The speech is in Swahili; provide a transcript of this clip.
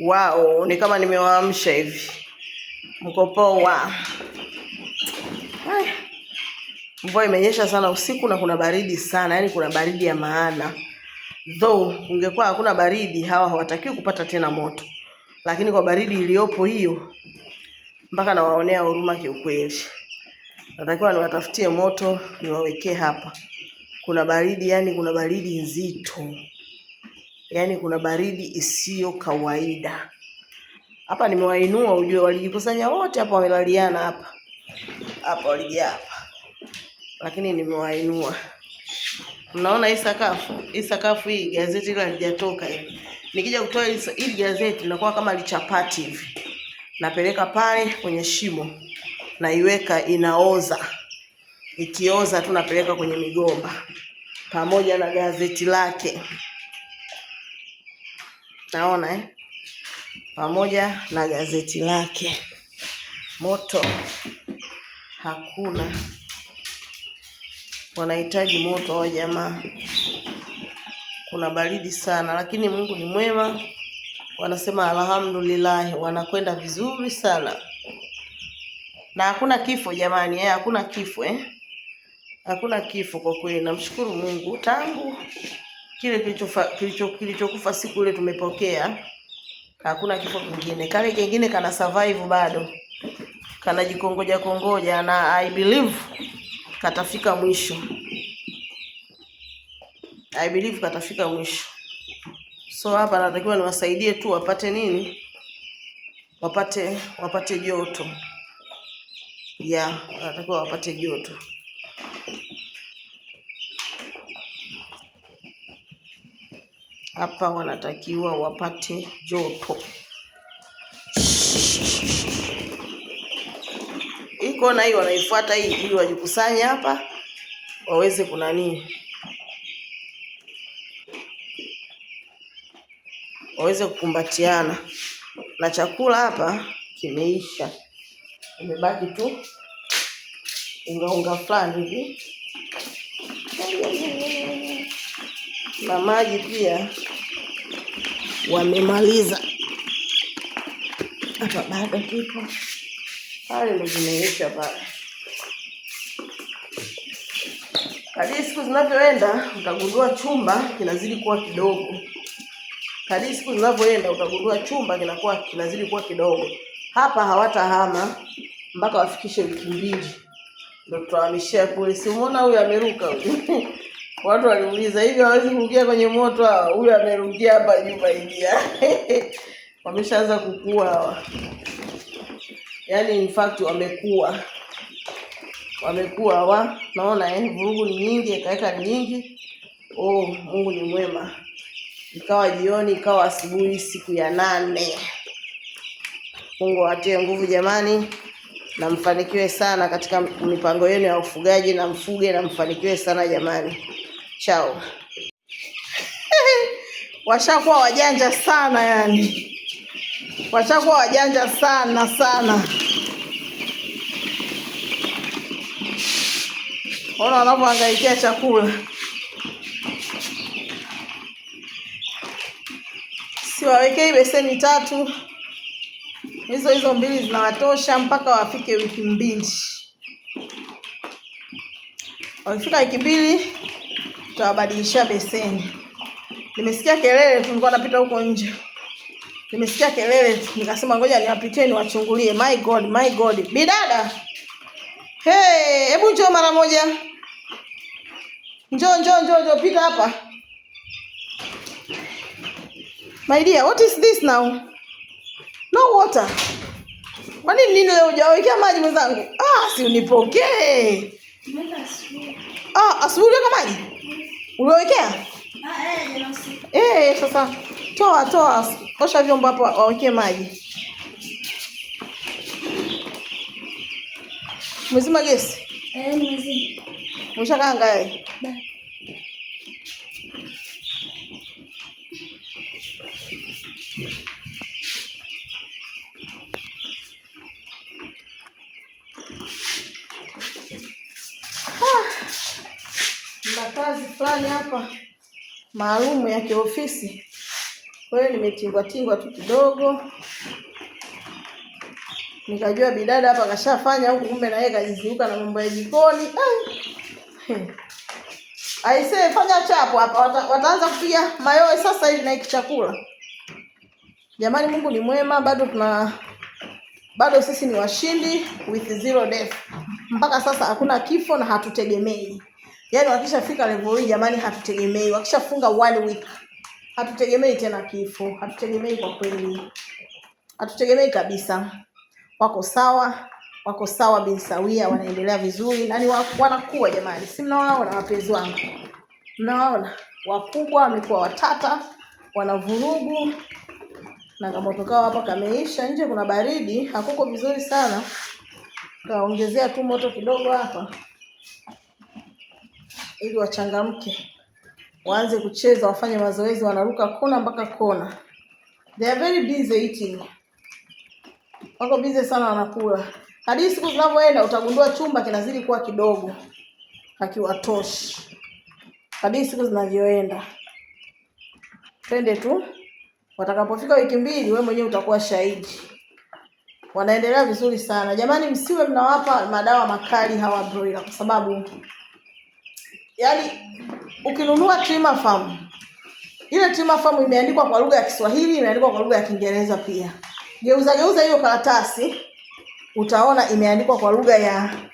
wao ni kama nimewaamsha hivi, mko poa? Mvua imenyesha sana usiku na kuna baridi sana, yaani kuna baridi ya maana. Though ungekuwa hakuna baridi, hawa hawatakiwi kupata tena moto, lakini kwa baridi iliyopo hiyo, mpaka nawaonea huruma kiukweli. Natakiwa niwatafutie moto niwawekee hapa, kuna baridi, yaani kuna baridi nzito yaani kuna baridi isiyo kawaida. Hapa nimewainua ujue, walijikusanya wote hapa, wamelaliana hapa hapa, walijaa hapa, lakini nimewainua. Mnaona hii sakafu, hii sakafu hii, gazeti ile halijatoka hivi. Nikija kutoa hili gazeti linakuwa kama lichapati hivi, napeleka pale kwenye shimo, naiweka inaoza. Ikioza tu napeleka kwenye migomba pamoja na gazeti lake naona eh? pamoja na gazeti lake. Moto hakuna, wanahitaji moto wa jamaa. Kuna baridi sana, lakini Mungu ni mwema. Wanasema alhamdulillah, wanakwenda vizuri sana na hakuna kifo jamani, eh, hakuna kifo eh, hakuna kifo kwa kweli. Namshukuru Mungu tangu kile kilichokufa kilicho, siku ile tumepokea, hakuna kifo kingine. Kale kingine kana survive bado, kana jikongoja kongoja, na I believe katafika mwisho. I believe katafika mwisho. So hapa natakiwa niwasaidie tu wapate nini, wapate wapate joto ya yeah, natakiwa wapate joto. hapa wanatakiwa wapate joto. Iko na hii wanaifuata hii ili wajikusanye hapa waweze kunanii, waweze kukumbatiana na chakula hapa kimeisha, imebaki tu ungaunga fulani hivi na maji pia wamemaliza. Hapa bado kipo pale, ndo zimeisha pale kadiri siku zinavyoenda utagundua chumba kinazidi kuwa kidogo. Kadiri siku zinavyoenda utagundua chumba kinakuwa kinazidi kuwa kidogo. Hapa hawatahama mpaka wafikishe wiki mbili, ndo tutahamishia kule. Si umeona huyu ameruka huyu Watu waliuliza hivi, hawezi kurukia kwenye moto? Huyu amerukia hapa juu kaingia. Wameshaanza kukua hawa, yaani in fact wamekua, wamekua hawa. Naona eh, vurugu ni nyingi, ikaweka ni nyingi. Oh, Mungu ni mwema. Ikawa jioni, ikawa asubuhi, siku ya nane. Mungu awatie nguvu jamani, na mfanikiwe sana katika mipango yenu ya ufugaji, na mfuge na mfanikiwe sana jamani chao washakuwa wajanja sana, yani washakuwa wajanja sana sana. Ona wanapoangaikia chakula, siwawekei beseni tatu, hizo hizo mbili zinawatosha mpaka wafike wiki mbili. Wakifika wiki mbili tutawabadilishia beseni. Nimesikia kelele tu, nilikuwa napita huko nje, nimesikia kelele, nikasema ngoja niwapitie niwachungulie. My God, my God, bidada, hebu njoo mara moja, njoo njoo njoo njoo, pita hapa my dear, what is this now? No water. Kwa nini leo hujawekea maji mwenzangu? Ah, si unipokee. Ah, asubuhi uliweka maji? Uliwekea? Ah, eh, eh, sasa toa toa, osha vyombo hapo, wawekee maji. Umezima gesi? Eh, nimezima. Umeshakaanga fulani hapa maalumu ya kiofisi, kwa hiyo nimetingwa tingwa tu kidogo, nikajua bidada hapa kashafanya huku, kumbe na yeye kajizuuka na mambo ya jikoni. Aisee, fanya chapo hapa, wataanza kupiga mayoe sasa hivi na hiki chakula. Jamani, Mungu ni mwema, bado tuna bado sisi ni washindi with zero death. Mpaka sasa hakuna kifo na hatutegemei. Yaani wakishafika level hii jamani, hatutegemei wakishafunga one week, hatutegemei tena kifo, hatutegemei kwa kweli, hatutegemei kabisa. Wako sawa, wako sawa bin sawia, wanaendelea vizuri na ni wanakuwa jamani, si mnawaona wapenzi wangu, mnawaona wakubwa wamekuwa watata, wanavurugu na kama kao hapa kameisha. Nje kuna baridi, hakuko vizuri sana, kaongezea tu moto kidogo hapa ili wachangamke, waanze kucheza, wafanye mazoezi, wanaruka kona mpaka kona. They are very busy eating, wako busy sana, wanakula. Hadi siku zinavyoenda utagundua chumba kinazidi kuwa kidogo, hakiwatoshi. Hadi siku zinavyoenda, twende tu, watakapofika wiki mbili, we mwenyewe utakuwa shahidi. Wanaendelea vizuri sana jamani, msiwe mnawapa madawa makali hawa broila, kwa sababu yaani ukinunua Trima Farm, ile Trima Farm imeandikwa kwa lugha ya Kiswahili, imeandikwa kwa lugha ya Kiingereza pia. Geuza geuza hiyo karatasi, utaona imeandikwa kwa lugha ya